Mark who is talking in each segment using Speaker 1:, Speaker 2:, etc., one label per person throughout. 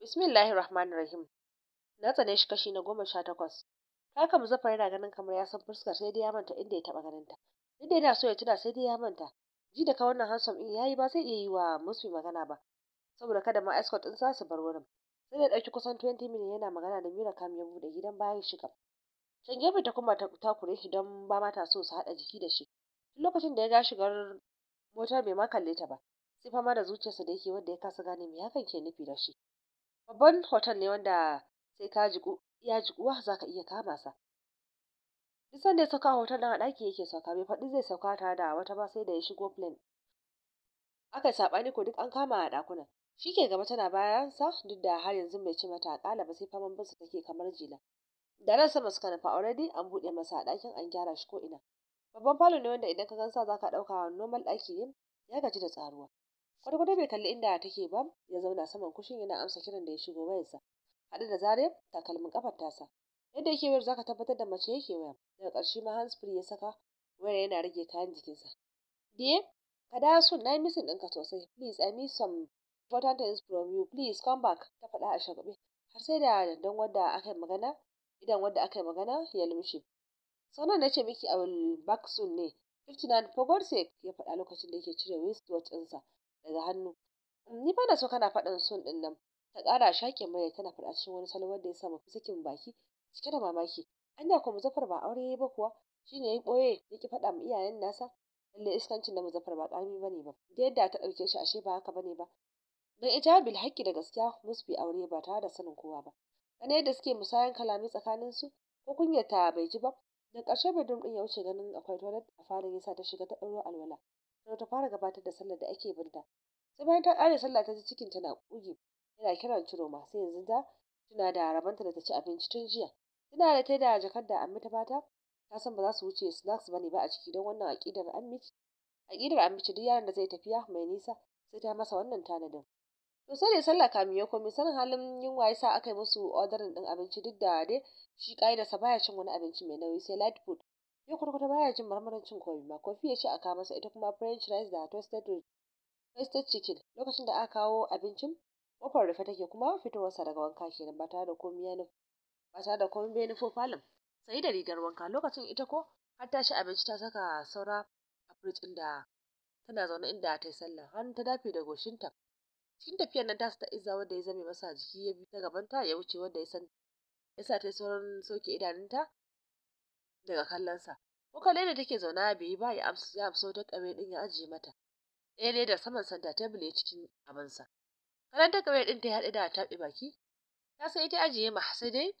Speaker 1: Bismillahir Rahmanir Rahim. Na tsane shi kashi na goma sha takwas. Kaka Muzaffar yana ganin kamar ya san fuskar sai dai ya manta inda ya taɓa ganin ta. Duk yana so ya tuna sai dai ya manta. Ji da ka wannan hansom in yayi ba zai iya yi wa Musmi magana ba. Saboda kada ma escort ɗin sa su bar wurin. Sai da ɗauki kusan 20 minutes yana magana da Mira Kam ya buɗe gidan bayan shiga. Can gefe ta kuma ta kure shi don ba mata so su haɗa jiki da shi. Tun lokacin da ya ga shigar motar bai ma kalle ta ba. Sai fama da zuciyarsa da yake wanda ya kasa gane me hakan ke nufi da shi. babban hotel ne wanda sai ka jigu iya za ka iya kama sa duk sanda ya sauka hotel ɗin a ɗaki yake sauka bai faɗi zai sauka tare da wata ba sai da ya shigo plane aka saɓani ko duk an kama a ɗakunan shi ke gaba tana bayansa duk da har yanzu mai ci mata akala ba sai faman bansa take kamar jila da sama suka nufa already an buɗe masa a ɗakin an gyara shi ko ina babban falo ne wanda idan ka gansa za ka ɗauka normal ɗaki ne ya gaji da tsaruwa Gwargwado bai kalli inda take ba, ya zauna saman kushin yana amsa kiran da ya shigo wayarsa. Haɗu da zare takalmin kafar tasa. Yadda yake wayar zaka tabbatar da mace yake waya. Daga ƙarshe ma handsfree ya saka wayar yana rage kayan jikinsa. Diye, ka dawo soon na yi misin ɗinka sosai. Please, I need some important things from you. Please, come back. Ta faɗa a shagwaɓe. Har sai da don wadda aka yi magana, idan wadda aka yi magana ya lumshe. nan na ce miki a will back soon ne. 59 for God's ya faɗa lokacin da yake cire wristwatch ɗinsa. daga hannu ni ba na so kana faɗin son ɗin nan ta ƙara shaƙe mai tana faɗa cikin wani salo wanda ya sa mafi sakin baki cike da mamaki anya ko muzaffar ba aure ya ba kuwa shi yi ɓoye ya ki faɗa ma iyayen nasa lalle iskancin na muzaffar ba ƙarami ne ba da yadda ta ɗauke shi ashe ba haka ba ne ba don ita bil haƙƙi da gaskiya musu bi aure ba tare da sanin kowa ba ana da suke musayan kalami tsakanin su ko kunyar ta bai ji ba da ƙarshe bedroom ɗin ya wuce ganin akwai toilet a farin yasa ta shiga ta ɗauro alwala sai ta fara gabatar da sallar da ake binta sai bayan ta ƙare sallah ta ji cikin tana ƙugi yana kiran ciro masu yanzu ta tuna da rabanta da ta ci abinci tun jiya tana da ta da jakar da amma ta bata ta san ba za su wuce snacks ne ba a ciki don wannan aƙidar amici aƙidar amici duk yaron da zai tafiya mai nisa sai ta masa wannan tanadin to sai da sallah kamin ya komai sanin halin yunwa ya sa aka yi musu odarin din abinci duk da dai shi sa baya cin wani abinci mai nauyi sai light food ya kurkuta baya jin marmarin cin komi ma kofi ya ci a kawo masa ita kuma french rice da toasted Tested Chicken, lokacin da aka kawo abincin kofar rufe take kuma fitowarsa daga wanka kenan ba tare da komai ba ya nufo falon Sai da rigar wanka lokacin ita ko har ta ci abinci ta saka saura a firij inda tana zaune inda ta yi sallah hannu ta dafe da goshinta cikin tafiyar nan ta ta izza wanda ya zame masa jiki ya bi ta gabanta ya wuce wanda ya san ya sa ta sauran soke idanunta daga kallonsa ko kalle da take zaune bai yi ba ya amso ta kame din ya ajiye mata ɗaya ne da saman santa tebul ya cikin abinsa kanan ta kawai ɗin ta haɗe da taɓe baki ta san ita ajiye ma sai dai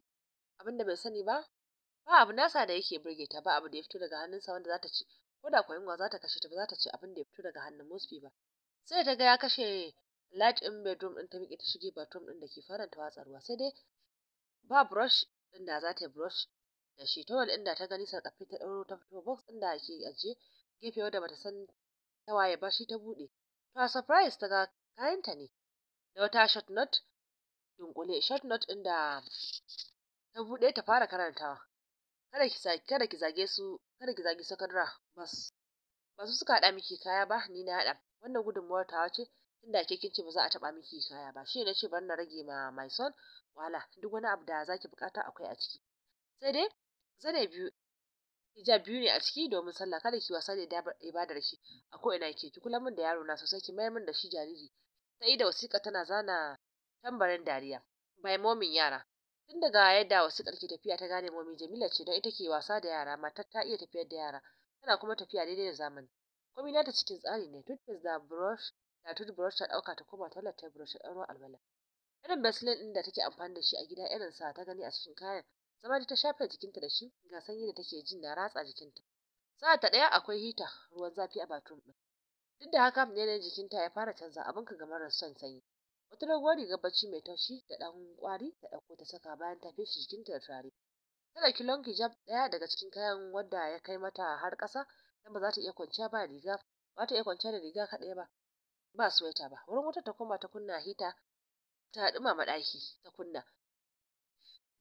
Speaker 1: abin da bai sani ba ba abu nasa da yake burge ta ba abu da ya fito daga hannunsa wanda za ta ci ko da yunwa za ta kashe ta ba za ta ci abin da ya fito daga hannun musfi ba sai ta ga ya kashe light in bedroom ɗin ta miƙe ta shige bathroom ɗin da ke faranta watsa ruwa sai dai ba brush ɗin da za ta yi brush da shi towel ɗin da ta gani sarƙafi ta ɗauro ta fito box ɗin da ke ajiye gefe wadda bata san ta waye ba shi ta buɗe to a surprise ta ga kayanta ne da wata shot note dunkule shot note ɗin da ta buɗe ta fara karantawa kada ki kada ki zage su kada ki zage sakadra bas ba suka haɗa miki kaya ba ni na haɗa wannan gudunmuwar ta ce tunda ke kin ce ba za a taba miki kaya ba shi ne ce bar na rage ma my son wala duk wani abu da zaki bukata akwai a ciki sai dai zane biyu hijab biyu ne a ciki domin sallah kada ki wasa da ibadar ki a ko ina ke ki kula min da yaro na sosai ki mayar min da shi jariri ta yi da wasiƙa tana zana tambarin dariya bai momin yara tun daga yadda wasiƙar ke tafiya ta gane momi, jamila ce don ita ke wasa da yara matar ta iya tafiyar da yara tana kuma tafiya daidai da zamani na ta cikin tsari ne toothpaste da brush da toothbrush ta ɗauka ta koma toilet ta brush ta ɗauro albala irin basilin ɗin da take amfani da shi a gida irin sa ta gani a cikin kayan zama da ta shafe jikinta da shi ga sanyi da take jin na ratsa jikinta sa'a ta ɗaya akwai hita ruwan zafi a bakin ɗin duk da haka ne jikinta ya fara canza abin ka gamar son sanyi wata doguwar riga bacci mai taushi da ɗan kwari ta ɗauko ta saka bayan ta feshi jikinta da turare ta ɗauki long hijab ɗaya daga cikin kayan wadda ya kai mata har kasa dan ba za ta iya kwanciya ba riga ba ta iya kwanciya da riga kaɗai ba ba suwaita ba wurin wutar ta koma ta kunna hita ta ɗumama ɗaki ta kunna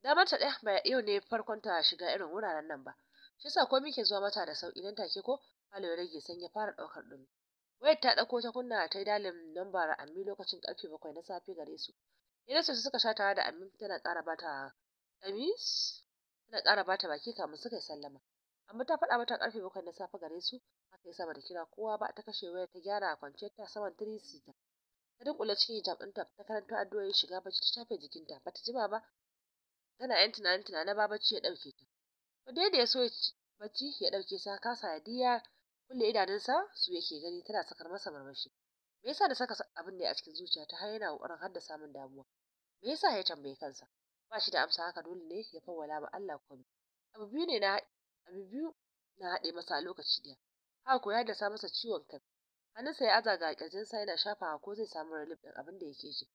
Speaker 1: damar ta ɗaya ba yau ne farkon ta shiga irin wuraren nan ba shi yasa komai ke zuwa mata da sauki nan take ko falo ya rage san ya fara ɗaukar ɗumi wayar ta ɗauko ta kunna ta yi dalin lambar ammi lokacin ƙarfe bakwai na safe gare su idan su suka sha tare da ammi tana ƙara bata tana ƙara bata baki kamin suka yi sallama amma ta faɗa mata ƙarfe bakwai na safe gare su aka yi sama da kira kowa ba ta kashe wayar ta gyara kwanciyar ta saman tirisi ta dunkule cikin hijab ɗinta ta karanta addu'o'in shiga bacci ta shafe jikinta bata jima ba tana yan tunanin tunanin ba ya ɗauke ta to dai da ya so bacci ya ɗauke sa kasa ya diya kulle idanunsa su yake gani tana sakar masa murmushi. me yasa da saka abin ne a cikin zuciya ta har yana kokarin haddasa min damuwa me yasa ya tambaye kansa ba shi da amsa haka dole ne ya fawwala ma Allah komai abu biyu ne na abu biyu na haɗe masa a lokaci ɗaya haka ko ya haddasa masa ciwon kai hannunsa ya aza ga ƙirjinsa yana shafawa ko zai samu relief ɗin abin da yake ji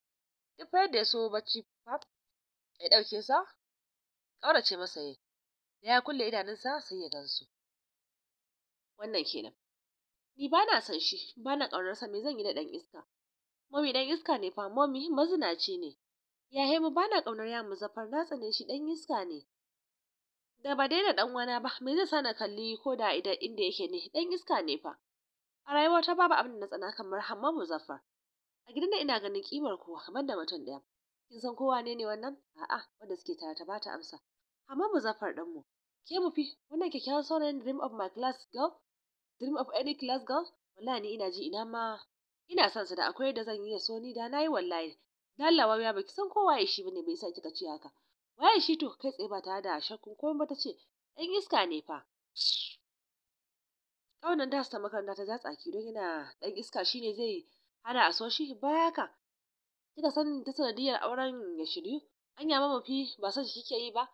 Speaker 1: duk fa yadda ya so bacci fa ya ɗauke sa ƙaurace masa yi, da ya kulle idanunsa sai ya gan su. wannan kenan ni ba na san shi ba na ƙaunarsa me zan yi da ɗan iska mami ɗan iska ne fa mami mazinaci ne ya mu ba na ƙaunar ya muzaffar na tsane shi ɗan iska ne da ba daina ɗan wana ba me zai sa na kalli ko da idan inda yake ne ɗan iska ne fa a rayuwata babu abin da na tsana kamar hamma muzaffar a gidan da ina ganin kimar kowa kamar da mutum ɗaya kin san ko wane ne wannan a'a wanda suke tare ta bata amsa amma mu zafar dan mu ke mu fi wannan kyakkyawan saurayin dream of my class girl dream of any class girl wallahi ni ina ji ina ma ina son sa da akwai yadda zan yi so ni da nayi wallahi lallawa ya baki san ko waye shi bane bai sa kika ce haka waye shi to kai tsaye ba tare da shakkun ko ba ta ce ɗan iska ne fa kaunan da ta makaranta ta tsaki don yana ɗan iska shine zai hana a so shi baya ka kika san ta sanadiyar auren ya shiryu anya ma mafi ba son shi kike yi ba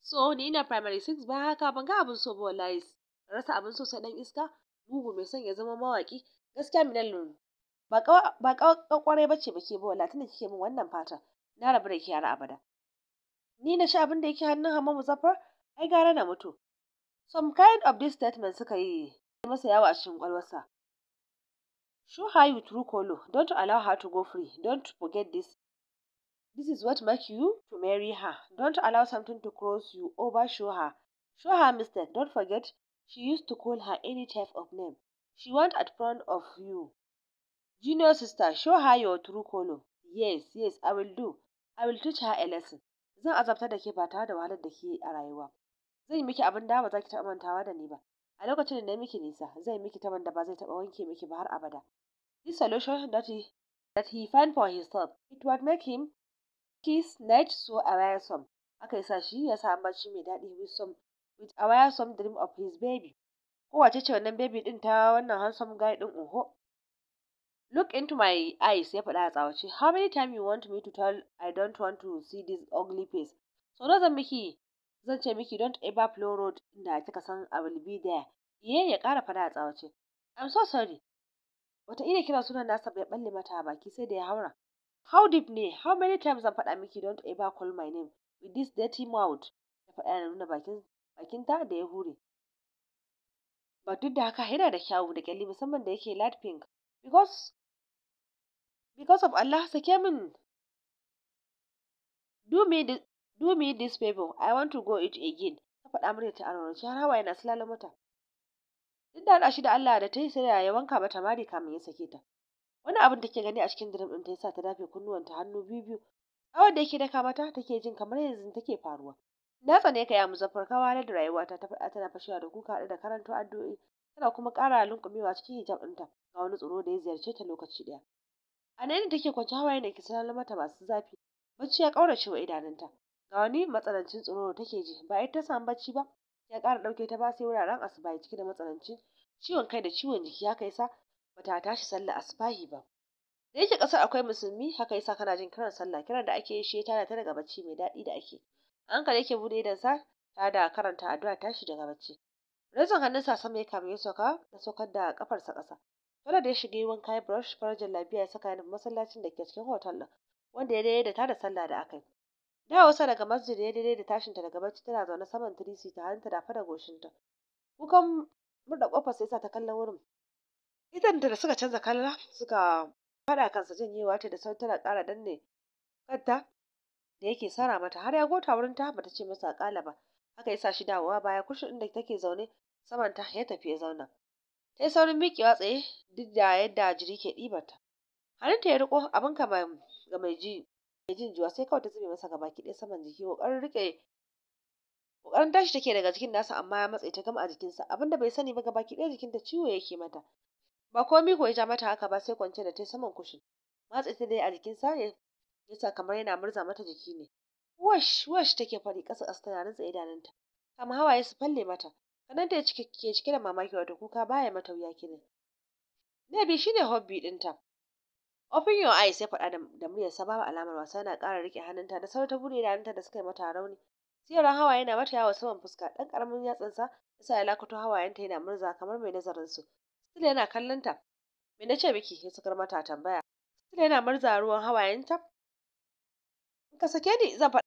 Speaker 1: so ni ina primary six ba haka ban ga abin so ba wallahi rasa abin so sai dan iska bugu mai son ya zama mawaki gaskiya minal ba ba kwarai bace bake ba wallahi tunda kike min wannan fata na rabu da ki har abada ni na sha abin da yake hannun Hamma Muzaffar ai gara na mutu some kind of this statement suka yi masa yawa a cikin kwalwarsa Show her your true color Don't allow her to go free. Don't forget this. This is what makes you to marry her. Don't allow something to cross you over. Show her. Show her mistake. Don't forget she used to call her any type of name. She want at front of you. Junior sister, show her your true color. Yes, yes, I will do. I will teach her a lesson. Zan azabtar da ke ba da wahalar da ke a rayuwa. Zan yi miki abin da ba za ki taɓa mantawa da ni ba. A lokacin da na miki nisa, zan yi miki taban da ba zai taɓa wanke miki ba har abada. This solution that he, that he found for himself, it would make him kiss night so awesome. Aka sa shi ya samu bacci mai daɗi with some with a awesome dream of his baby. Kowace ce wannan baby ɗin ta wannan handsome guy din oho. Look into my eyes ya faɗa a tsawace. How many times you want me to tell I don't want to see this ugly face? So no zan miki zan ce miki don't ever flow road inda kika san I will be there. Iye ya ƙara faɗa a tsawace. I'm so sorry. Wata ina kira sunan nasa bai balle mata baki sai da ya haura. How deep ne? How many times zan faɗa miki don ever call my name with this dirty mouth? ta faɗa yana nuna bakin bakinta da ya hure. Ba duk da haka yana da kyawu da kyalli musamman da yake light pink. Because because of Allah sake min do me this do me this favor I want to go it again. Ta faɗa murya ta shi har hawa yana sulalo mata. duk da haɗa shi da Allah da ta yi sai ya wanka mata mari kamin ya sake ta wani abin take gani a cikin dirim din ta yasa ta dafe kunnuwanta hannu biyu biyu tsawon da yake daka mata take jin kamar yanzu take faruwa na tsane ka ya muzaffar kawa na da rayuwa ta tafi tana fashewa da kuka da karanto addu'o'i tana kuma ƙara lunkumewa cikin hijab ɗinta ga wani tsoro da ya ziyarce ta lokaci ɗaya a nan take kwance hawaye ne ke sanar mata masu zafi bacci ya ƙaurace wa idanunta ga wani matsanancin tsoro da take ji ba ita ta samu bacci ba ya ƙara ɗauke ta ba sai wuraren asubahi cike da matsanancin ciwon kai da ciwon jiki haka yasa bata tashi sallah asubahi ba da yake ƙasar akwai musulmi haka yasa kana jin kiran sallah kiran da ake yi shi ya tada ta daga bacci mai daɗi da ake hankali yake bude sa ta da karanta addu'a tashi daga bacci Rezon hannunsa sama ya kama ya sauka da saukar da kafarsa ƙasa. Dole da ya shiga yiwon kayan brush farajin lafiya ya saka yana masallacin da ke cikin hotel ɗin, wanda ya daidai da ta da sallah da aka yi. wasa daga masjid ya daidai da tashinta daga bacci tana zaune saman tirisi ta hanta da goshinta. Kukan murda ƙofar sai sa ta kalla wurin. Itanta da suka canza kalla suka faɗa kansa janyewa ta da sautara tana ƙara danne kanta da yake sara mata har ya gota wurin ta bata ce masa ƙala ba. Haka ya sa shi dawowa baya kushin inda take zaune samanta ya tafi ya zauna. Ta yi saurin miƙewa tsaye duk da yadda jiri ke ɗibarta. Hannunta ya riƙo abin kama ga mai ji ya juwa sai kawai ta zube masa gabaki ɗaya saman jiki ƙoƙarin riƙe ƙoƙarin tashi take daga jikin nasa amma ya matse ta gama a jikinsa abinda bai sani ba gabaki ɗaya jikinta ciwo yake mata ba komai ko ya ja mata haka ba sai kwance da ta saman kushin matse ta dai a jikinsa ya yasa kamar yana murza mata jiki ne wash wash take fari ƙasa ƙasa tana rantsa idanunta kama hawaye su falle mata kananta ta cike ke cike da mamaki wato kuka baya mata wuya kenan na biyu shine hobby ɗinta Open your eyes ya faɗa da muryarsa babu alamar wasa yana ƙara riƙe hannunta da sauri ta buɗe idanunta da suka yi mata rauni. Tsiyaran hawaye na mata yawo saman fuska ɗan ƙaramin yatsansa ya sa ya lakuto hawayenta yana murza kamar mai nazarin su. Still yana kallon Me na ce miki ya sakar mata tambaya. Still yana murza ruwan hawayenta. ka sake ni zan faɗa.